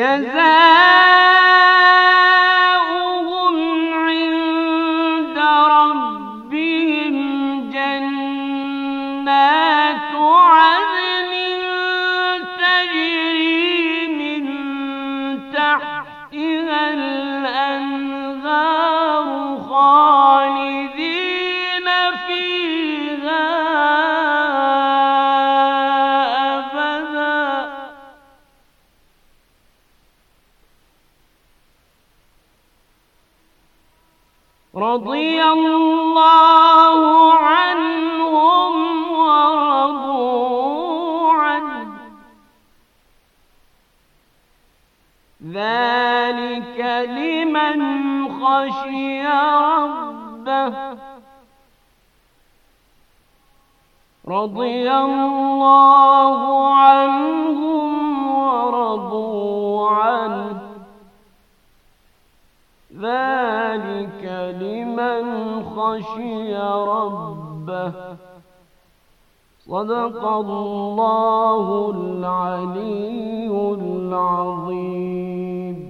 现在。خشي ربه رضي الله عنهم ورضوا عنه ذلك لمن خشي ربه صدق الله العلي العظيم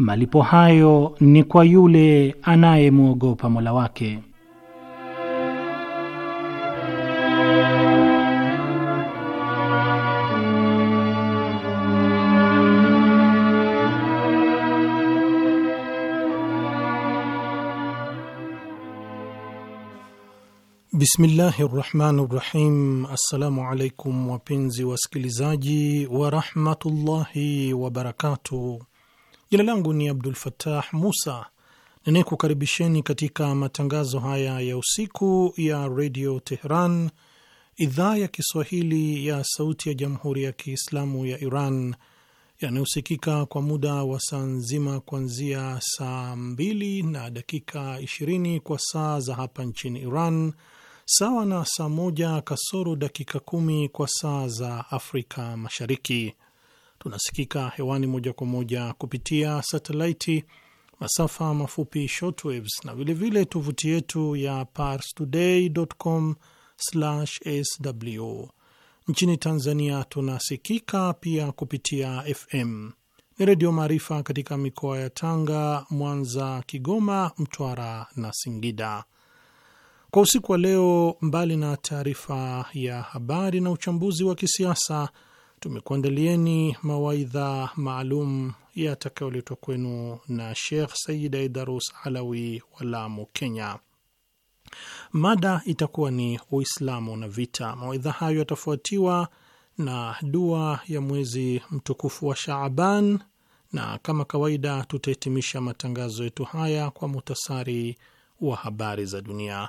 Malipo hayo ni kwa yule anayemwogopa Mola wake. Bismillahi rahmani rahim. Assalamu alaikum wapenzi wasikilizaji warahmatullahi wabarakatuh. Jina langu ni Abdul fatah Musa ninayekukaribisheni katika matangazo haya ya usiku ya redio Teheran, idhaa ya Kiswahili ya sauti ya jamhuri ya Kiislamu ya Iran yanayosikika kwa muda wa saa nzima kuanzia saa mbili na dakika ishirini kwa saa za hapa nchini Iran, sawa na saa moja kasoro dakika kumi kwa saa za Afrika Mashariki. Tunasikika hewani moja kwa moja kupitia satelaiti, masafa mafupi shortwaves, na vilevile tovuti yetu ya parstoday.com/sw. Nchini Tanzania tunasikika pia kupitia FM ni Redio Maarifa katika mikoa ya Tanga, Mwanza, Kigoma, Mtwara na Singida. Kwa usiku wa leo, mbali na taarifa ya habari na uchambuzi wa kisiasa tumekuandalieni mawaidha maalum yatakayoletwa kwenu na Shekh Sayid Aidarus Alawi wa Lamu, Kenya. Mada itakuwa ni Uislamu na vita. Mawaidha hayo yatafuatiwa na dua ya mwezi mtukufu wa Shaaban, na kama kawaida tutahitimisha matangazo yetu haya kwa muhtasari wa habari za dunia.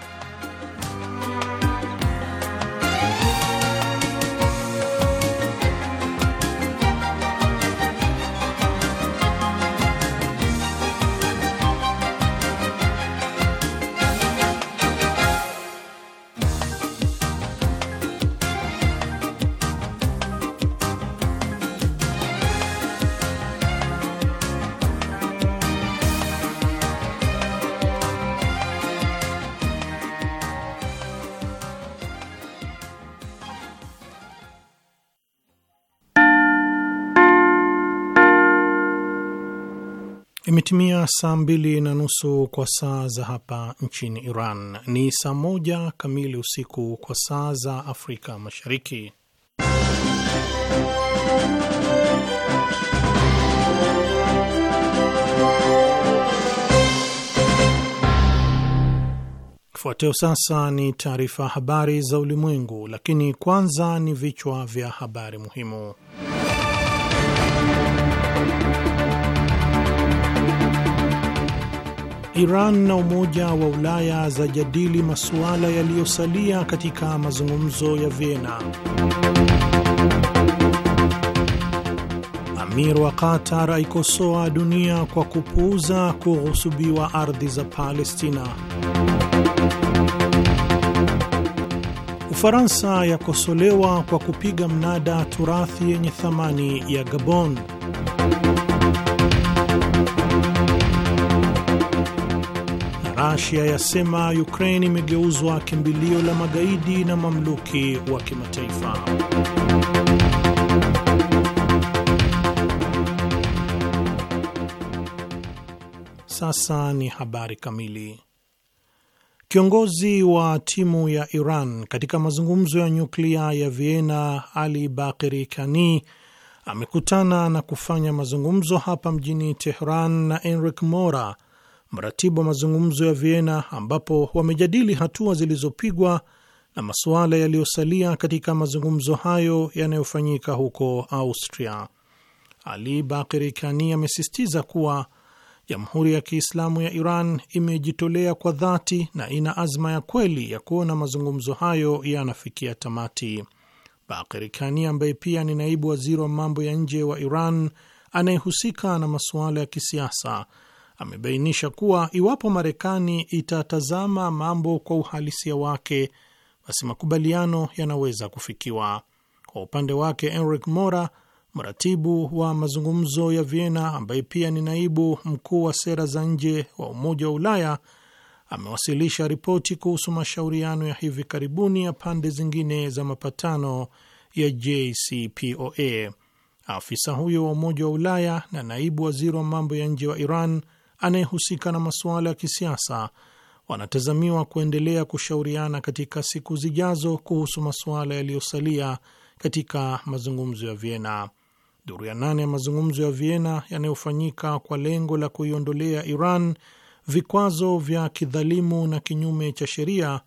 Imetimia saa mbili na nusu kwa saa za hapa nchini Iran, ni saa moja kamili usiku kwa saa za Afrika Mashariki. Ifuatayo sasa ni taarifa habari za ulimwengu, lakini kwanza ni vichwa vya habari muhimu. Iran na Umoja wa Ulaya zajadili masuala yaliyosalia katika mazungumzo ya Vienna. Amir wa Qatar aikosoa dunia kwa kupuuza kughusubiwa ardhi za Palestina. Ufaransa yakosolewa kwa kupiga mnada turathi yenye thamani ya Gabon. Rasia yasema Ukraine imegeuzwa kimbilio la magaidi na mamluki wa kimataifa. Sasa ni habari kamili. Kiongozi wa timu ya Iran katika mazungumzo ya nyuklia ya Vienna, Ali Bakiri Kani amekutana na kufanya mazungumzo hapa mjini Tehran na enrik Mora mratibu wa mazungumzo ya Vienna, ambapo wamejadili hatua zilizopigwa na masuala yaliyosalia katika mazungumzo hayo yanayofanyika huko Austria. Ali Bakiri Kani amesisitiza kuwa Jamhuri ya Kiislamu ya Iran imejitolea kwa dhati na ina azma ya kweli ya kuona mazungumzo hayo yanafikia tamati. Bakiri Kani ambaye pia ni naibu waziri wa mambo ya nje wa Iran anayehusika na masuala ya kisiasa amebainisha kuwa iwapo Marekani itatazama mambo kwa uhalisia wake, basi makubaliano yanaweza kufikiwa. Kwa upande wake, enric Mora, mratibu wa mazungumzo ya Vienna ambaye pia ni naibu mkuu wa sera za nje wa Umoja wa Ulaya, amewasilisha ripoti kuhusu mashauriano ya hivi karibuni ya pande zingine za mapatano ya JCPOA. Afisa huyo wa Umoja wa Ulaya na naibu waziri wa mambo ya nje wa Iran anayehusika na masuala ya kisiasa wanatazamiwa kuendelea kushauriana katika siku zijazo kuhusu masuala yaliyosalia katika mazungumzo ya Vienna. Duru ya nane ya mazungumzo ya Vienna yanayofanyika kwa lengo la kuiondolea Iran vikwazo vya kidhalimu na kinyume cha sheria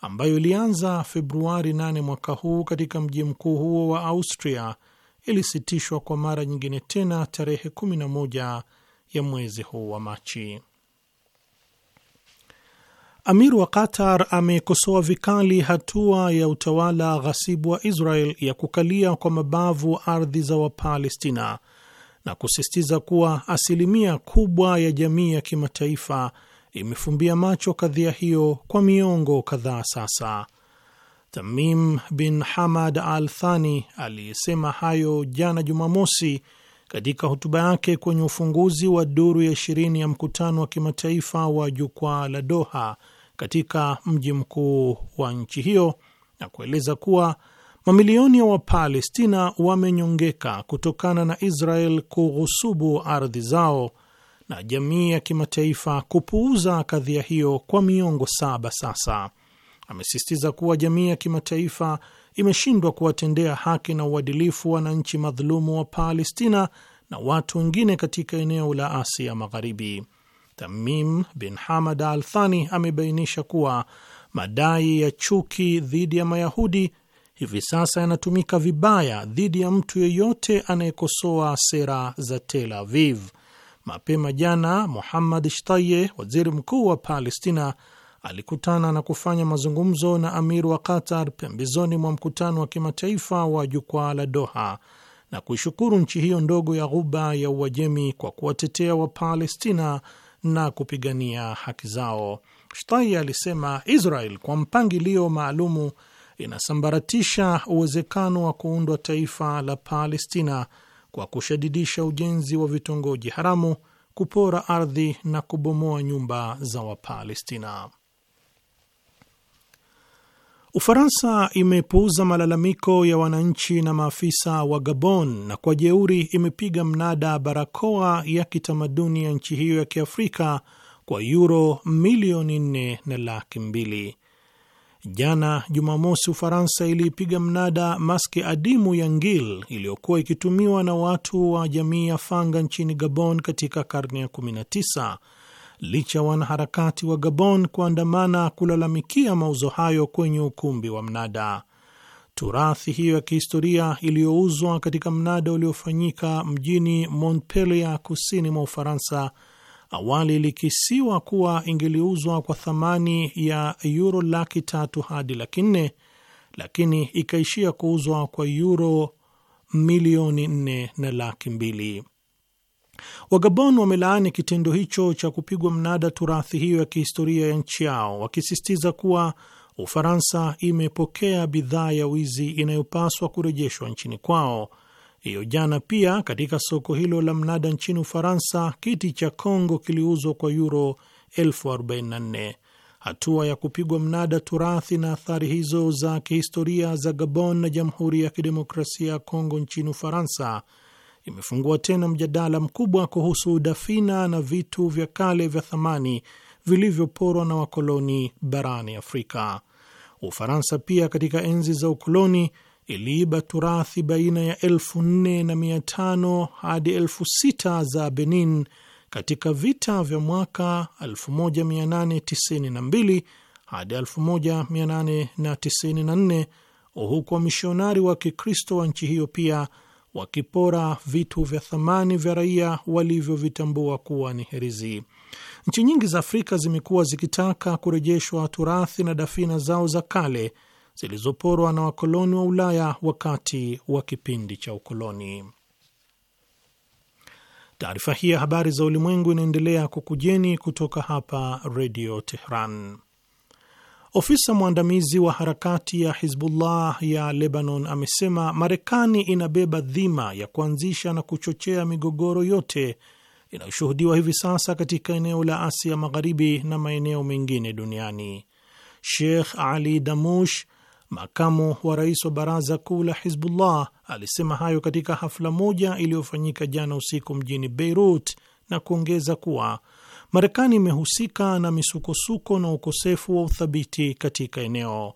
ambayo ilianza Februari 8 mwaka huu katika mji mkuu huo wa Austria ilisitishwa kwa mara nyingine tena tarehe 11 ya mwezi huu wa Machi. Amir wa Qatar amekosoa vikali hatua ya utawala ghasibu wa Israel ya kukalia kwa mabavu ardhi za Wapalestina na kusisitiza kuwa asilimia kubwa ya jamii ya kimataifa imefumbia macho kadhia hiyo kwa miongo kadhaa sasa. Tamim bin Hamad Al Thani aliyesema hayo jana Jumamosi katika hotuba yake kwenye ufunguzi wa duru ya ishirini ya mkutano wa kimataifa wa jukwaa la Doha katika mji mkuu wa nchi hiyo na kueleza kuwa mamilioni ya Wapalestina wamenyongeka kutokana na Israel kughusubu ardhi zao na jamii ya kimataifa kupuuza kadhia hiyo kwa miongo saba sasa. Amesisitiza kuwa jamii ya kimataifa imeshindwa kuwatendea haki na uadilifu wananchi madhulumu wa Palestina na watu wengine katika eneo la Asia Magharibi. Tamim bin Hamad Al Thani amebainisha kuwa madai ya chuki dhidi ya Mayahudi hivi sasa yanatumika vibaya dhidi ya mtu yeyote anayekosoa sera za Tel Aviv. Mapema jana, Muhammad Shtaye, waziri mkuu wa Palestina, alikutana na kufanya mazungumzo na amir wa Qatar pembezoni mwa mkutano wa kimataifa wa jukwaa la Doha na kuishukuru nchi hiyo ndogo ya ghuba ya Uajemi kwa kuwatetea Wapalestina na kupigania haki zao. Shtai alisema Israel kwa mpangilio maalumu inasambaratisha uwezekano wa kuundwa taifa la Palestina kwa kushadidisha ujenzi wa vitongoji haramu, kupora ardhi na kubomoa nyumba za Wapalestina. Ufaransa imepuuza malalamiko ya wananchi na maafisa wa Gabon na kwa jeuri imepiga mnada barakoa ya kitamaduni ya nchi hiyo ya Kiafrika kwa yuro milioni nne na laki mbili. Jana Jumamosi, Ufaransa iliipiga mnada maski adimu ya ngil iliyokuwa ikitumiwa na watu wa jamii ya Fanga nchini Gabon katika karne ya 19 licha ya wanaharakati wa Gabon kuandamana kulalamikia mauzo hayo kwenye ukumbi wa mnada. Turathi hiyo ya kihistoria iliyouzwa katika mnada uliofanyika mjini Montpellier, kusini mwa Ufaransa, awali ilikisiwa kuwa ingeliuzwa kwa thamani ya yuro laki tatu hadi laki nne lakini ikaishia kuuzwa kwa yuro milioni nne na laki mbili. Wagabon wamelaani kitendo hicho cha kupigwa mnada turathi hiyo ya kihistoria ya nchi yao, wakisisitiza kuwa Ufaransa imepokea bidhaa ya wizi inayopaswa kurejeshwa nchini kwao. Hiyo jana pia katika soko hilo la mnada nchini Ufaransa, kiti cha Kongo kiliuzwa kwa yuro 44. Hatua ya kupigwa mnada turathi na athari hizo za kihistoria za Gabon na Jamhuri ya Kidemokrasia ya Kongo nchini Ufaransa imefungua tena mjadala mkubwa kuhusu dafina na vitu vya kale vya thamani vilivyoporwa na wakoloni barani Afrika. Ufaransa pia katika enzi za ukoloni iliiba turathi baina ya elfu nne na mia tano hadi elfu sita za Benin katika vita vya mwaka 1892 hadi 1894 huku wamishonari wa Kikristo wa nchi hiyo pia wakipora vitu vya thamani vya raia walivyovitambua kuwa ni herizi. Nchi nyingi za Afrika zimekuwa zikitaka kurejeshwa turathi na dafina zao za kale zilizoporwa na wakoloni wa Ulaya wakati wa kipindi cha ukoloni. Taarifa hii ya habari za ulimwengu inaendelea kukujeni kutoka hapa Redio Tehran. Ofisa mwandamizi wa harakati ya Hizbullah ya Lebanon amesema Marekani inabeba dhima ya kuanzisha na kuchochea migogoro yote inayoshuhudiwa hivi sasa katika eneo la Asia Magharibi na maeneo mengine duniani. Sheikh Ali Damush, makamu wa rais wa baraza kuu la Hizbullah, alisema hayo katika hafla moja iliyofanyika jana usiku mjini Beirut na kuongeza kuwa Marekani imehusika na misukosuko na ukosefu wa uthabiti katika eneo.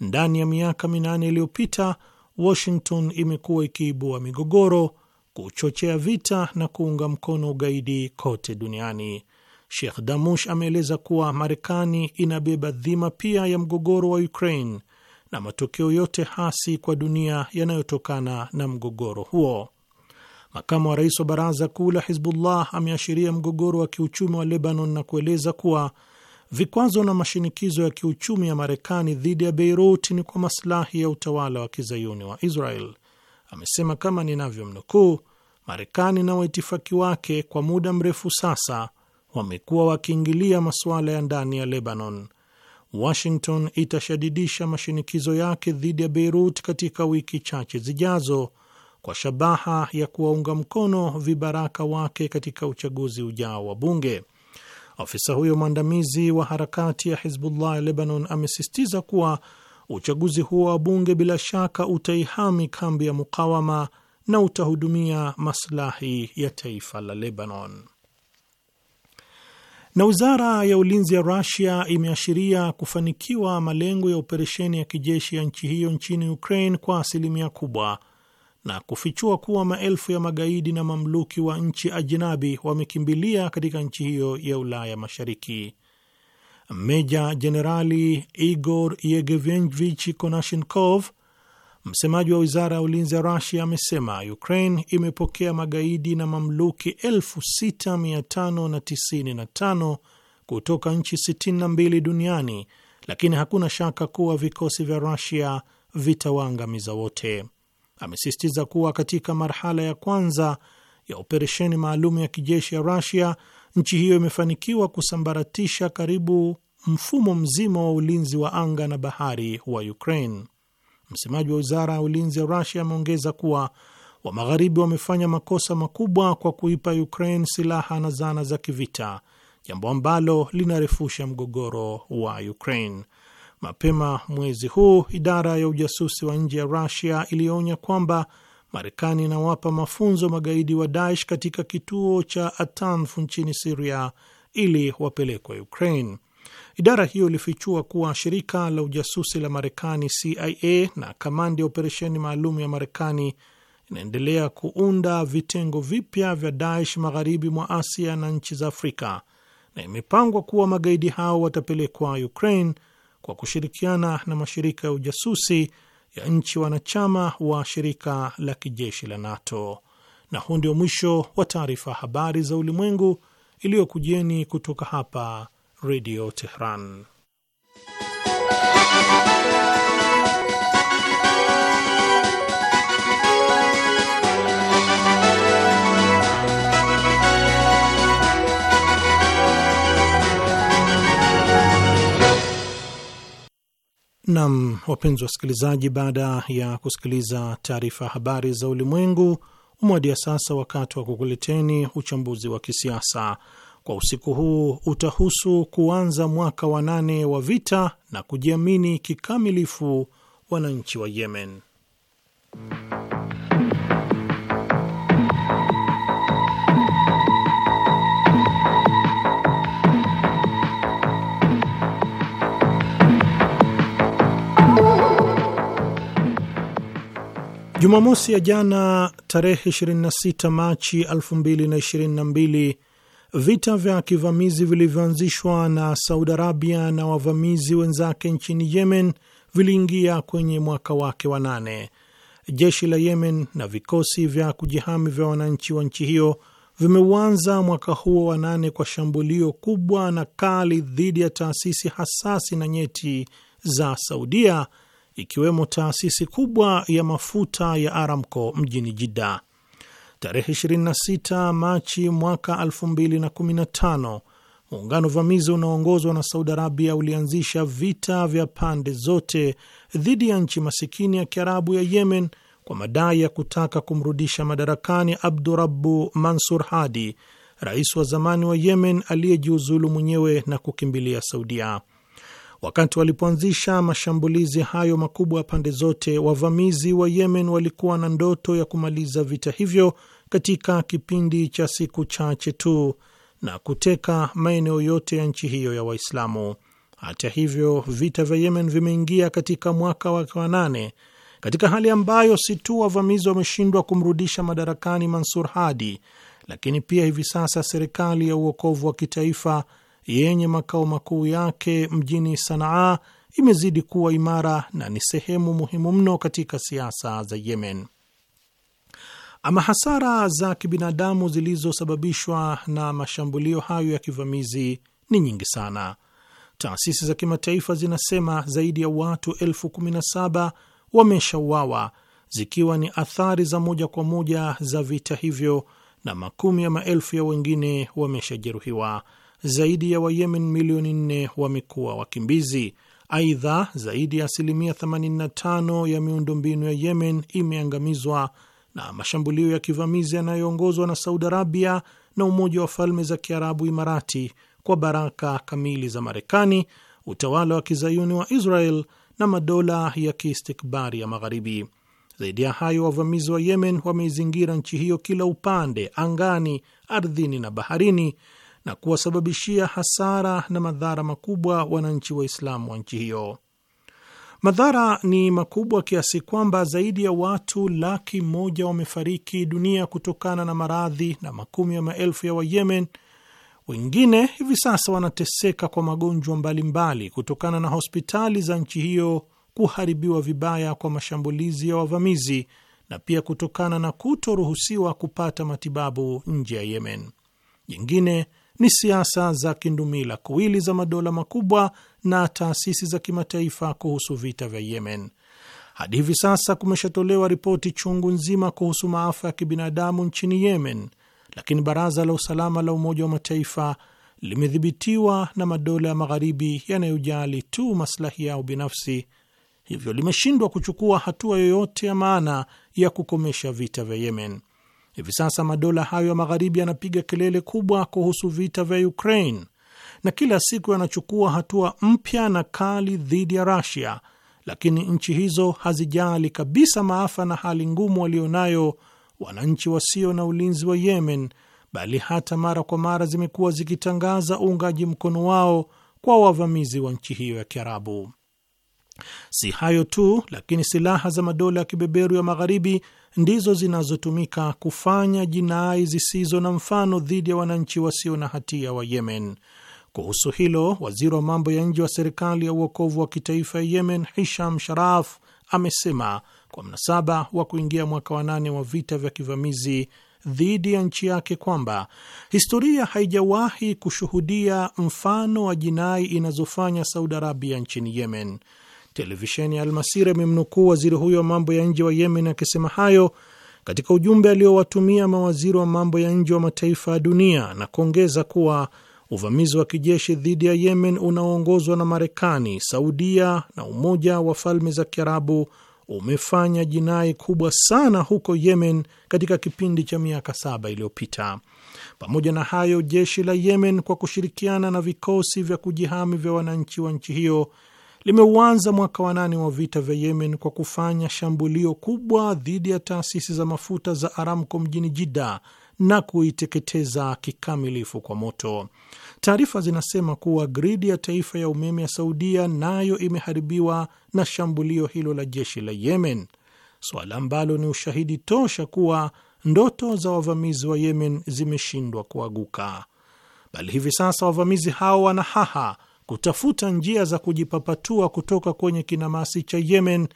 Ndani ya miaka minane iliyopita, Washington imekuwa ikiibua migogoro, kuchochea vita na kuunga mkono ugaidi kote duniani. Sheikh Damush ameeleza kuwa Marekani inabeba dhima pia ya mgogoro wa Ukraine na matokeo yote hasi kwa dunia yanayotokana na mgogoro huo. Makamu wa rais wa baraza kuu la Hizbullah ameashiria mgogoro wa kiuchumi wa Lebanon na kueleza kuwa vikwazo na mashinikizo ya kiuchumi ya Marekani dhidi ya Beirut ni kwa masilahi ya utawala wa kizayuni wa Israel. Amesema kama ninavyomnukuu, Marekani na waitifaki wake kwa muda mrefu sasa wamekuwa wakiingilia masuala ya ndani ya Lebanon. Washington itashadidisha mashinikizo yake dhidi ya Beirut katika wiki chache zijazo kwa shabaha ya kuwaunga mkono vibaraka wake katika uchaguzi ujao wa bunge. Afisa huyo mwandamizi wa harakati ya Hizbullah ya Lebanon amesisitiza kuwa uchaguzi huo wa bunge bila shaka utaihami kambi ya mukawama na utahudumia maslahi ya taifa la Lebanon. Na wizara ya ulinzi ya Rusia imeashiria kufanikiwa malengo ya operesheni ya kijeshi ya nchi hiyo nchini Ukraine kwa asilimia kubwa na kufichua kuwa maelfu ya magaidi na mamluki wa nchi ajinabi wamekimbilia katika nchi hiyo ya Ulaya Mashariki. Meja Jenerali Igor Yegevenvich Konashenkov, msemaji wa wizara ya ulinzi ya Rusia, amesema Ukraine imepokea magaidi na mamluki 6595 kutoka nchi 62 duniani, lakini hakuna shaka kuwa vikosi vya Rusia vitawaangamiza wote amesisitiza kuwa katika marhala ya kwanza ya operesheni maalum ya kijeshi ya Rusia, nchi hiyo imefanikiwa kusambaratisha karibu mfumo mzima wa ulinzi wa anga na bahari wa Ukraine. Msemaji wa wizara ya ulinzi ya Rusia ameongeza kuwa wa magharibi wamefanya makosa makubwa kwa kuipa Ukraine silaha na zana za kivita, jambo ambalo linarefusha mgogoro wa Ukraine. Mapema mwezi huu idara ya ujasusi wa nje ya Rusia iliyoonya kwamba Marekani inawapa mafunzo magaidi wa Daesh katika kituo cha Atanf nchini Siria ili wapelekwe Ukraine. Idara hiyo ilifichua kuwa shirika la ujasusi la Marekani CIA na kamandi ya operesheni maalum ya Marekani inaendelea kuunda vitengo vipya vya Daesh magharibi mwa Asia na nchi za Afrika, na imepangwa kuwa magaidi hao watapelekwa Ukraine kwa kushirikiana na mashirika ya ujasusi ya nchi wanachama wa shirika la kijeshi la NATO. Na huu ndio mwisho wa taarifa habari za ulimwengu iliyokujeni kutoka hapa Redio Tehran. Nam, wapenzi wasikilizaji, baada ya kusikiliza taarifa habari za ulimwengu, umewadia sasa wakati wa kukuleteni uchambuzi wa kisiasa kwa usiku huu. Utahusu kuanza mwaka wa nane wa vita na kujiamini kikamilifu wananchi wa Yemen. Jumamosi ya jana tarehe 26 Machi 2022 vita vya kivamizi vilivyoanzishwa na Saudi Arabia na wavamizi wenzake nchini Yemen viliingia kwenye mwaka wake wa nane. Jeshi la Yemen na vikosi vya kujihami vya wananchi wa nchi hiyo vimeuanza mwaka huo wa nane kwa shambulio kubwa na kali dhidi ya taasisi hasasi na nyeti za Saudia ikiwemo taasisi kubwa ya mafuta ya Aramco mjini Jidda. Tarehe 26 Machi mwaka 2015 muungano vamizi unaoongozwa na Saudi Arabia ulianzisha vita vya pande zote dhidi ya nchi masikini ya kiarabu ya Yemen kwa madai ya kutaka kumrudisha madarakani Abdurabu Mansur Hadi, rais wa zamani wa Yemen aliyejiuzulu mwenyewe na kukimbilia Saudia. Wakati walipoanzisha mashambulizi hayo makubwa pande zote, wavamizi wa Yemen walikuwa na ndoto ya kumaliza vita hivyo katika kipindi cha siku chache tu na kuteka maeneo yote ya nchi hiyo ya Waislamu. Hata hivyo, vita vya Yemen vimeingia katika mwaka wake wa nane katika hali ambayo si tu wavamizi wameshindwa kumrudisha madarakani Mansur Hadi, lakini pia hivi sasa serikali ya uokovu wa kitaifa yenye makao makuu yake mjini Sanaa imezidi kuwa imara na ni sehemu muhimu mno katika siasa za Yemen. Ama hasara za kibinadamu zilizosababishwa na mashambulio hayo ya kivamizi ni nyingi sana. Taasisi za kimataifa zinasema zaidi ya watu elfu kumi na saba wameshauawa zikiwa ni athari za moja kwa moja za vita hivyo na makumi ya maelfu ya wengine wameshajeruhiwa zaidi ya Wayemen milioni nne wamekuwa wakimbizi. Aidha, zaidi ya asilimia 85 ya miundombinu ya Yemen imeangamizwa na mashambulio ya kivamizi yanayoongozwa na Saudi Arabia na Umoja wa Falme za Kiarabu, Imarati, kwa baraka kamili za Marekani, utawala wa kizayuni wa Israel na madola ya kiistikbari ya Magharibi. Zaidi ya hayo, wavamizi wa Yemen wameizingira nchi hiyo kila upande, angani, ardhini na baharini, na kuwasababishia hasara na madhara makubwa wananchi Waislamu wa nchi hiyo. Madhara ni makubwa kiasi kwamba zaidi ya watu laki moja wamefariki dunia kutokana na maradhi na makumi ya maelfu ya Wayemen wengine hivi sasa wanateseka kwa magonjwa mbalimbali kutokana na hospitali za nchi hiyo kuharibiwa vibaya kwa mashambulizi ya wavamizi na pia kutokana na kutoruhusiwa kupata matibabu nje ya Yemen. Jingine ni siasa za kindumila kuwili za madola makubwa na taasisi za kimataifa kuhusu vita vya Yemen. Hadi hivi sasa kumeshatolewa ripoti chungu nzima kuhusu maafa ya kibinadamu nchini Yemen, lakini Baraza la Usalama la Umoja wa Mataifa limedhibitiwa na madola ya Magharibi yanayojali tu maslahi yao binafsi, hivyo limeshindwa kuchukua hatua yoyote ya maana ya kukomesha vita vya Yemen. Hivi sasa madola hayo ya magharibi yanapiga kelele kubwa kuhusu vita vya Ukraine na kila siku yanachukua hatua mpya na kali dhidi ya Russia, lakini nchi hizo hazijali kabisa maafa na hali ngumu walionayo wananchi wasio na ulinzi wa Yemen, bali hata mara kwa mara zimekuwa zikitangaza uungaji mkono wao kwa wavamizi wa nchi hiyo ya Kiarabu. Si hayo tu, lakini silaha za madola ya kibeberu ya magharibi ndizo zinazotumika kufanya jinai zisizo na mfano dhidi ya wananchi wasio na hatia wa Yemen. Kuhusu hilo, waziri wa mambo ya nje wa serikali ya uokovu wa kitaifa ya Yemen, Hisham Sharaf, amesema kwa mnasaba wa kuingia mwaka wa nane wa vita vya kivamizi dhidi ya nchi yake kwamba historia haijawahi kushuhudia mfano wa jinai inazofanya Saudi Arabia nchini Yemen. Televisheni ya Almasira imemnukuu waziri huyo wa mambo ya nje wa Yemen akisema hayo katika ujumbe aliowatumia mawaziri wa mambo ya nje wa mataifa ya dunia na kuongeza kuwa uvamizi wa kijeshi dhidi ya Yemen unaoongozwa na Marekani, Saudia na Umoja wa Falme za Kiarabu umefanya jinai kubwa sana huko Yemen katika kipindi cha miaka saba iliyopita. Pamoja na hayo, jeshi la Yemen kwa kushirikiana na vikosi vya kujihami vya wananchi wa nchi hiyo limeuanza mwaka wa nane wa vita vya Yemen kwa kufanya shambulio kubwa dhidi ya taasisi za mafuta za Aramco mjini jida na kuiteketeza kikamilifu kwa moto. Taarifa zinasema kuwa gridi ya taifa ya umeme ya Saudia nayo imeharibiwa na shambulio hilo la jeshi la Yemen, suala ambalo ni ushahidi tosha kuwa ndoto za wavamizi wa Yemen zimeshindwa kuaguka, bali hivi sasa wavamizi hao wanahaha kutafuta njia za kujipapatua kutoka kwenye kinamasi cha Yemen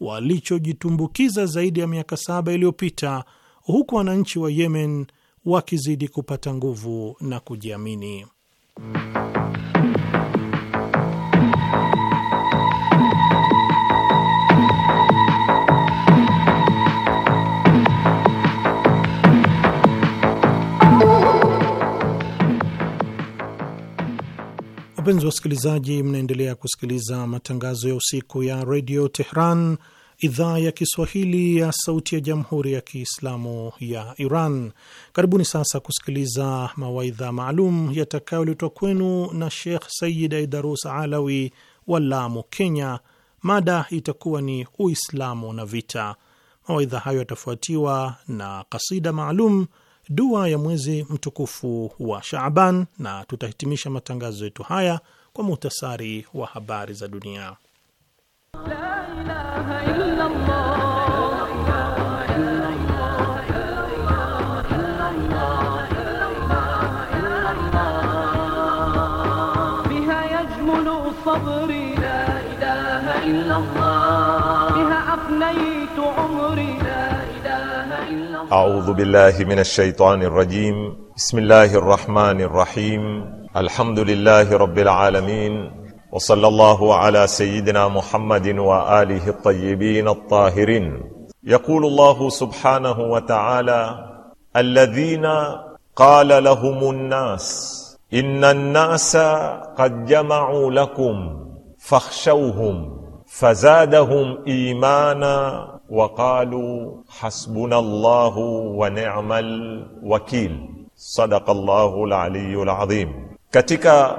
walichojitumbukiza zaidi ya miaka saba iliyopita, huku wananchi wa Yemen wakizidi kupata nguvu na kujiamini. Wapenzi wasikilizaji, mnaendelea kusikiliza matangazo ya usiku ya redio Tehran, idhaa ya Kiswahili ya sauti ya jamhuri ya Kiislamu ya Iran. Karibuni sasa kusikiliza mawaidha maalum yatakayoletwa kwenu na Shekh Sayid Aidarus Alawi wa Lamu, Kenya. Mada itakuwa ni Uislamu na vita. Mawaidha hayo yatafuatiwa na kasida maalum dua ya mwezi mtukufu wa Shaaban, na tutahitimisha matangazo yetu haya kwa muhtasari wa habari za dunia. أعوذ بالله من الشيطان الرجيم بسم الله الرحمن الرحيم الحمد لله رب العالمين وصلى الله على سيدنا محمد وآله الطيبين الطاهرين يقول الله سبحانه وتعالى الذين قال لهم الناس إن الناس قد جمعوا لكم فاخشوهم فزادهم إيمانا وقالوا حسبنا الله ونعم الوكيل sadaqa Allahu al-aliyyul azim. Katika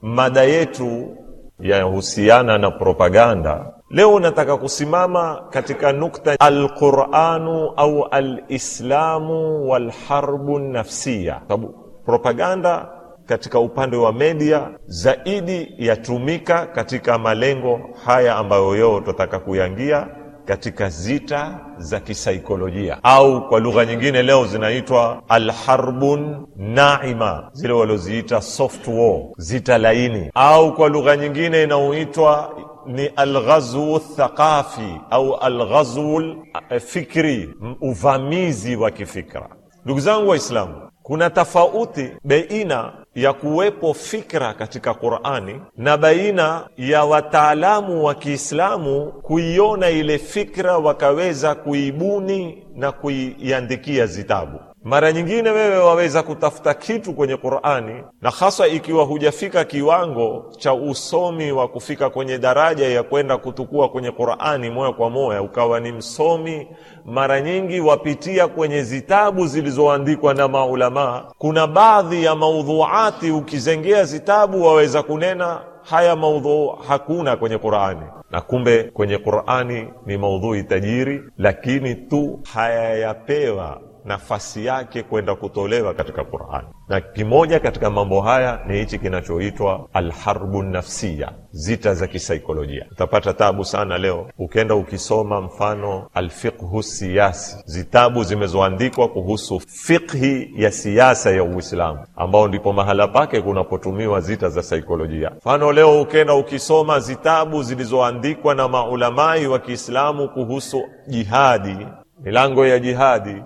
mada yetu yahusiana na propaganda, leo nataka kusimama katika nukta alquranu au alislamu walharbu nafsiya, sababu propaganda katika upande wa media zaidi yatumika katika malengo haya ambayo yote tutataka kuyangia katika zita za kisaikolojia au kwa lugha nyingine leo zinaitwa alharbun naima, zile walioziita soft war, zita laini, au kwa lugha nyingine inaoitwa ni alghazwu thaqafi au alghazwu fikri, uvamizi wa kifikra. Ndugu zangu Waislamu, kuna tofauti beina ya kuwepo fikra katika Qur'ani na baina ya wataalamu wa Kiislamu kuiona ile fikra wakaweza kuibuni na kuiandikia zitabu. Mara nyingine wewe waweza kutafuta kitu kwenye Qur'ani, na hasa ikiwa hujafika kiwango cha usomi wa kufika kwenye daraja ya kwenda kutukua kwenye Qur'ani moya kwa moya ukawa ni msomi. Mara nyingi wapitia kwenye zitabu zilizoandikwa na maulamaa. Kuna baadhi ya maudhuati, ukizengea zitabu waweza kunena haya maudhu hakuna kwenye Qur'ani, na kumbe kwenye Qur'ani ni maudhui tajiri, lakini tu hayayapewa nafasi yake kwenda kutolewa katika Qur'an. Na kimoja katika mambo haya ni hichi kinachoitwa alharbu nafsiya, zita za kisaikolojia. Utapata tabu sana leo ukenda ukisoma mfano alfiqhu siyasi, zitabu zimezoandikwa kuhusu fiqhi ya siasa ya Uislamu, ambao ndipo mahala pake kunapotumiwa zita za saikolojia. Mfano leo ukenda ukisoma zitabu zilizoandikwa na maulamai wa Kiislamu kuhusu jihadi, milango ya jihadi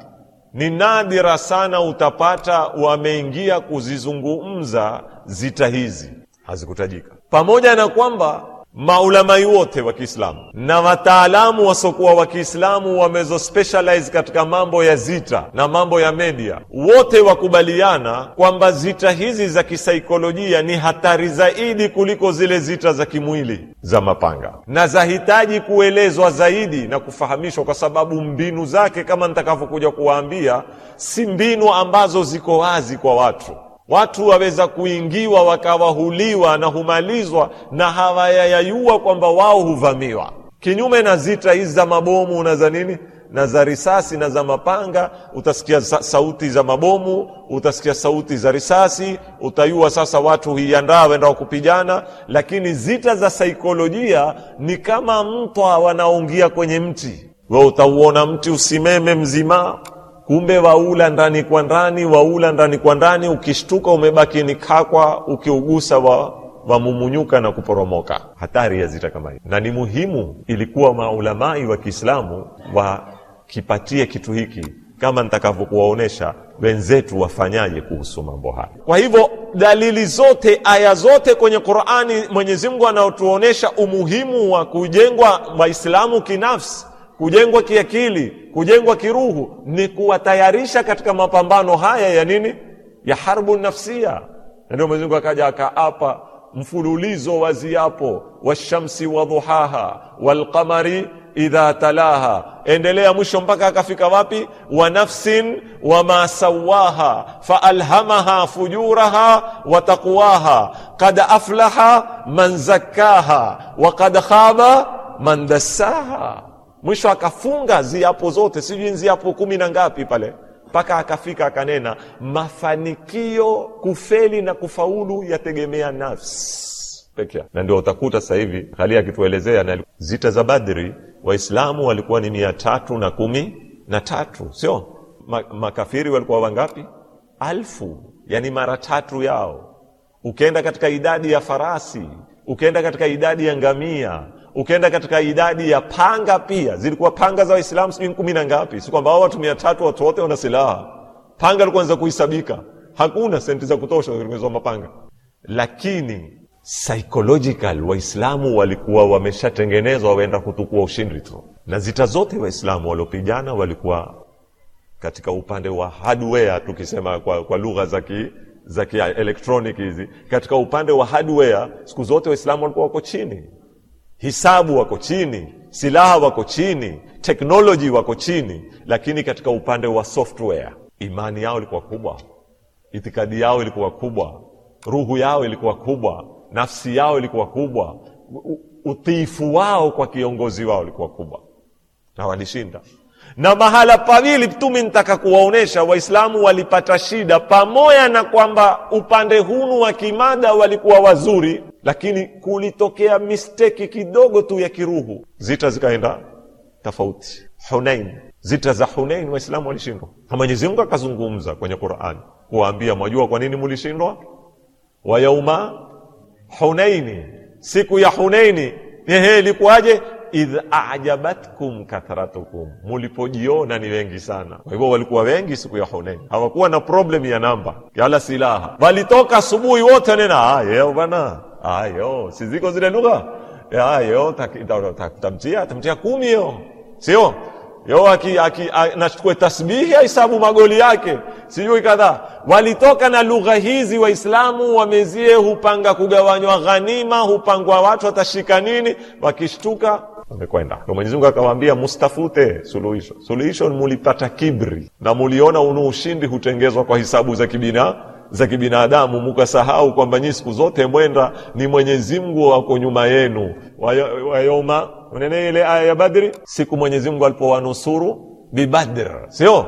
ni nadhira sana utapata wameingia kuzizungumza zita hizi hazikutajika, pamoja na kwamba Maulamai wote wa Kiislamu na wataalamu wasiokuwa wa Kiislamu specialize katika mambo ya zita na mambo ya media, wote wakubaliana kwamba zita hizi za kisaikolojia ni hatari zaidi kuliko zile zita za kimwili za mapanga, na zahitaji kuelezwa zaidi na kufahamishwa, kwa sababu mbinu zake, kama nitakavyokuja kuwaambia, si mbinu ambazo ziko wazi kwa watu. Watu waweza kuingiwa wakawahuliwa na humalizwa na hawayayayua kwamba wao huvamiwa, kinyume na zita hizi za mabomu na za nini na za risasi na za mapanga. Utasikia sauti za mabomu, utasikia sauti za risasi, utayua sasa watu hiandaa waenda kupijana Lakini zita za saikolojia ni kama mtwa wanaongia kwenye mti, we utauona mti usimeme mzima kumbe waula ndani kwa ndani, waula ndani kwa ndani, ukishtuka umebaki ni kakwa, ukiugusa wa wamumunyuka na kuporomoka. Hatari ya zita kama hii, na ni muhimu ilikuwa maulamai wa Kiislamu wakipatie kitu hiki kama nitakavyokuwaonesha wenzetu wafanyaje kuhusu mambo haya. Kwa hivyo dalili zote, aya zote kwenye Qur'ani, Mwenyezi Mungu anaotuonesha umuhimu wa kujengwa Waislamu kinafsi kujengwa kiakili, kujengwa kiruhu ni kuwatayarisha katika mapambano haya ya nini? Ya harbu nafsia. Na ndio Mwenyezi Mungu akaja akaapa mfululizo wa ziapo, washamsi wa dhuhaha walqamari idha talaha, endelea mwisho mpaka akafika wapi? wa nafsin wama sawaha faalhamaha fujuraha wa taqwaha qad aflaha man zakkaha wa qad khaba man dassaha mwisho akafunga ziapo zote sijui ziapo kumi na ngapi pale mpaka akafika akanena mafanikio kufeli na kufaulu yategemea nafsi pekea na ndio utakuta sasa hivi hali akituelezea na zita za badri waislamu walikuwa ni mia tatu na kumi na tatu sio Ma, makafiri walikuwa wangapi alfu yani mara tatu yao ukienda katika idadi ya farasi ukienda katika idadi ya ngamia ukienda katika idadi ya panga pia zilikuwa panga za waislamu sijui kumi na ngapi si kwamba watu mia tatu watu wote wana silaha panga likuanza kuhisabika hakuna senti za kutosha kutengenezwa mapanga lakini psychological waislamu walikuwa wameshatengenezwa waenda kutukua ushindi tu na zita zote waislamu waliopigana walikuwa katika upande wa hardware tukisema kwa, kwa lugha za za kielektroniki hizi katika upande wa hardware siku zote waislamu walikuwa wako chini hisabu wako chini, silaha wako chini, teknoloji wako chini, lakini katika upande wa software imani yao ilikuwa kubwa, itikadi yao ilikuwa kubwa, ruhu yao ilikuwa kubwa, nafsi yao ilikuwa kubwa, utiifu wao kwa kiongozi wao ulikuwa kubwa, na walishinda na mahala pawili Mtume nitaka kuwaonesha Waislamu walipata shida, pamoja na kwamba upande hunu wa kimada walikuwa wazuri, lakini kulitokea misteki kidogo tu ya kiruhu, zita zikaenda tofauti. Hunain, zita za Hunain Waislamu walishindwa, na Mwenyezi Mungu akazungumza kwenye Qurani kuwaambia, mwajua kwa nini mulishindwa? Wayauma Hunaini, siku ya Hunaini, ehe, ilikuwaje? idh ajabatkum kathratukum, mulipojiona ni wengi sana. Kwa hivyo walikuwa wengi siku ya Hunain, hawakuwa na problem ya namba yala silaha. Walitoka asubuhi wote nena ayo bana ayo, siziko zile lugha ayo tamtia tamtia kumi yo sio yo aki, aki, anachukua tasbihi ahesabu magoli yake sijui kadhaa. Walitoka na lugha hizi Waislamu wamezie, hupanga kugawanywa ghanima, hupangwa watu watashika nini, wakishtuka wamekwenda. Ndo Mwenyezi Mungu akawaambia mustafute suluhisho. Suluhisho mulipata kibri na muliona unu ushindi hutengezwa kwa hisabu za kibina za kibinadamu, mukasahau kwamba nyii siku zote mwenda ni Mwenyezi Mungu wako nyuma yenu. Wayoma unene ile aya ya Badri, siku Mwenyezi Mungu alipowanusuru bibadr, sio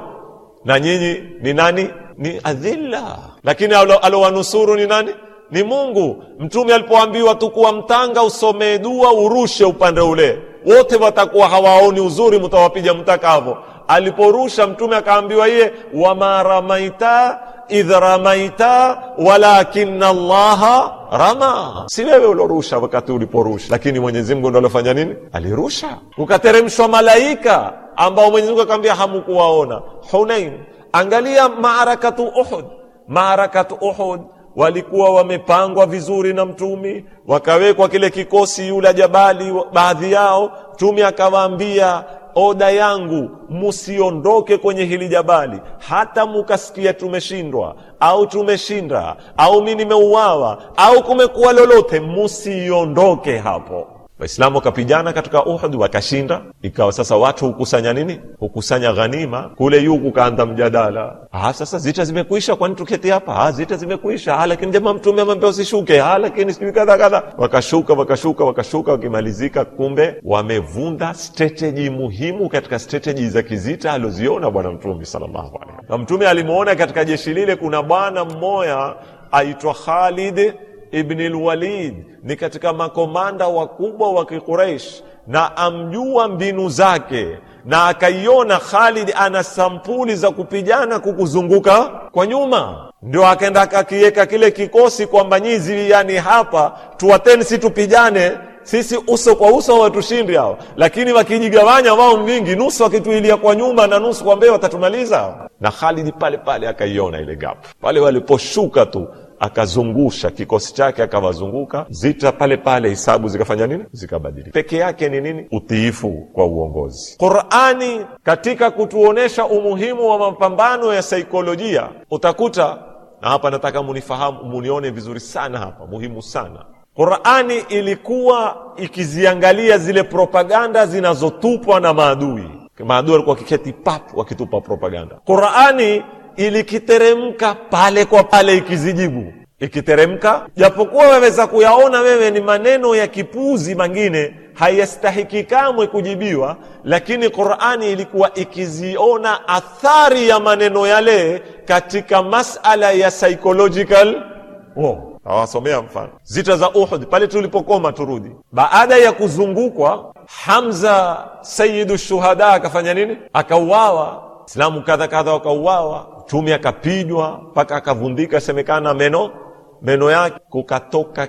na nyinyi ni nani? Ni adhilla, lakini alowanusuru ni nani? Ni Mungu. Mtume alipoambiwa tukuwa mtanga usomee dua urushe upande ule wote watakuwa hawaoni uzuri, mtawapiga mtakavyo. Aliporusha Mtume akaambiwa yeye, wama ramaita idh ramaita walakinna llaha rama, si wewe ulorusha wakati uliporusha, lakini Mwenyezi Mungu ndo alofanya nini? Alirusha. Ukateremshwa malaika ambao Mwenyezi Mungu akamwambia hamukuwaona. Hunain, angalia maarakatu Uhud, maarakatu Uhud walikuwa wamepangwa vizuri na mtumi wakawekwa kile kikosi yule jabali baadhi yao mtumi akawaambia oda yangu musiondoke kwenye hili jabali hata mukasikia tumeshindwa au tumeshinda au mi nimeuawa au kumekuwa lolote musiondoke hapo Waislamu wakapigana katika Uhud wakashinda. Ikawa sasa watu hukusanya nini? Hukusanya ghanima kule. Yu kukaanza mjadala, ha, ah, sasa zita zimekuisha, kwani tuketi hapa? ha, ah, zita zimekuisha, ha, ah, lakini jama Mtume amwambia usishuke, ha, lakini sijui kadha kadha. Wakashuka wakashuka wakashuka, wakimalizika, kumbe wamevunda strategy muhimu katika strategy za kizita alioziona Bwana Mtume sallallahu Mtume alimuona katika jeshi lile kuna bwana mmoya aitwa Khalid ibni ni katika makomanda wakubwa wa Kiquraish na amjua mbinu zake na akaiona Khalid ana sampuli za kupijana kukuzunguka kwa nyuma, ndio akaenda akakiweka kile kikosi kwamba nyizi, yani hapa tuwateni, si tupijane sisi uso kwa uso watushindi hao, lakini wakijigawanya wao mingi, nusu wakituilia kwa nyuma na nusu kwa mbele, watatumaliza. Na Khalid pale pale akaiona ile gap pale waliposhuka tu akazungusha kikosi chake akawazunguka zita pale pale, hisabu zikafanya nini, zikabadilika. Peke yake ni nini? Utiifu kwa uongozi. Qurani katika kutuonesha umuhimu wa mapambano ya saikolojia utakuta, na hapa nataka munifahamu, munione vizuri sana hapa, muhimu sana. Qurani ilikuwa ikiziangalia zile propaganda zinazotupwa na maadui. Maadui walikuwa wakiketi pap wakitupa propaganda. Qurani ilikiteremka pale kwa pale ikizijibu ikiteremka, japokuwa waweza kuyaona wewe ni maneno ya kipuzi mangine hayastahiki kamwe kujibiwa, lakini Qur'ani ilikuwa ikiziona athari ya maneno yale katika masala ya psychological oh. Awasomea mfano zita za Uhud pale tulipokoma, turudi. Baada ya kuzungukwa, Hamza sayyidu shuhada akafanya nini? Akauawa, Islamu kadha kadha wakauawa Mtume akapijwa mpaka akavundika, semekana meno meno yake kukatoka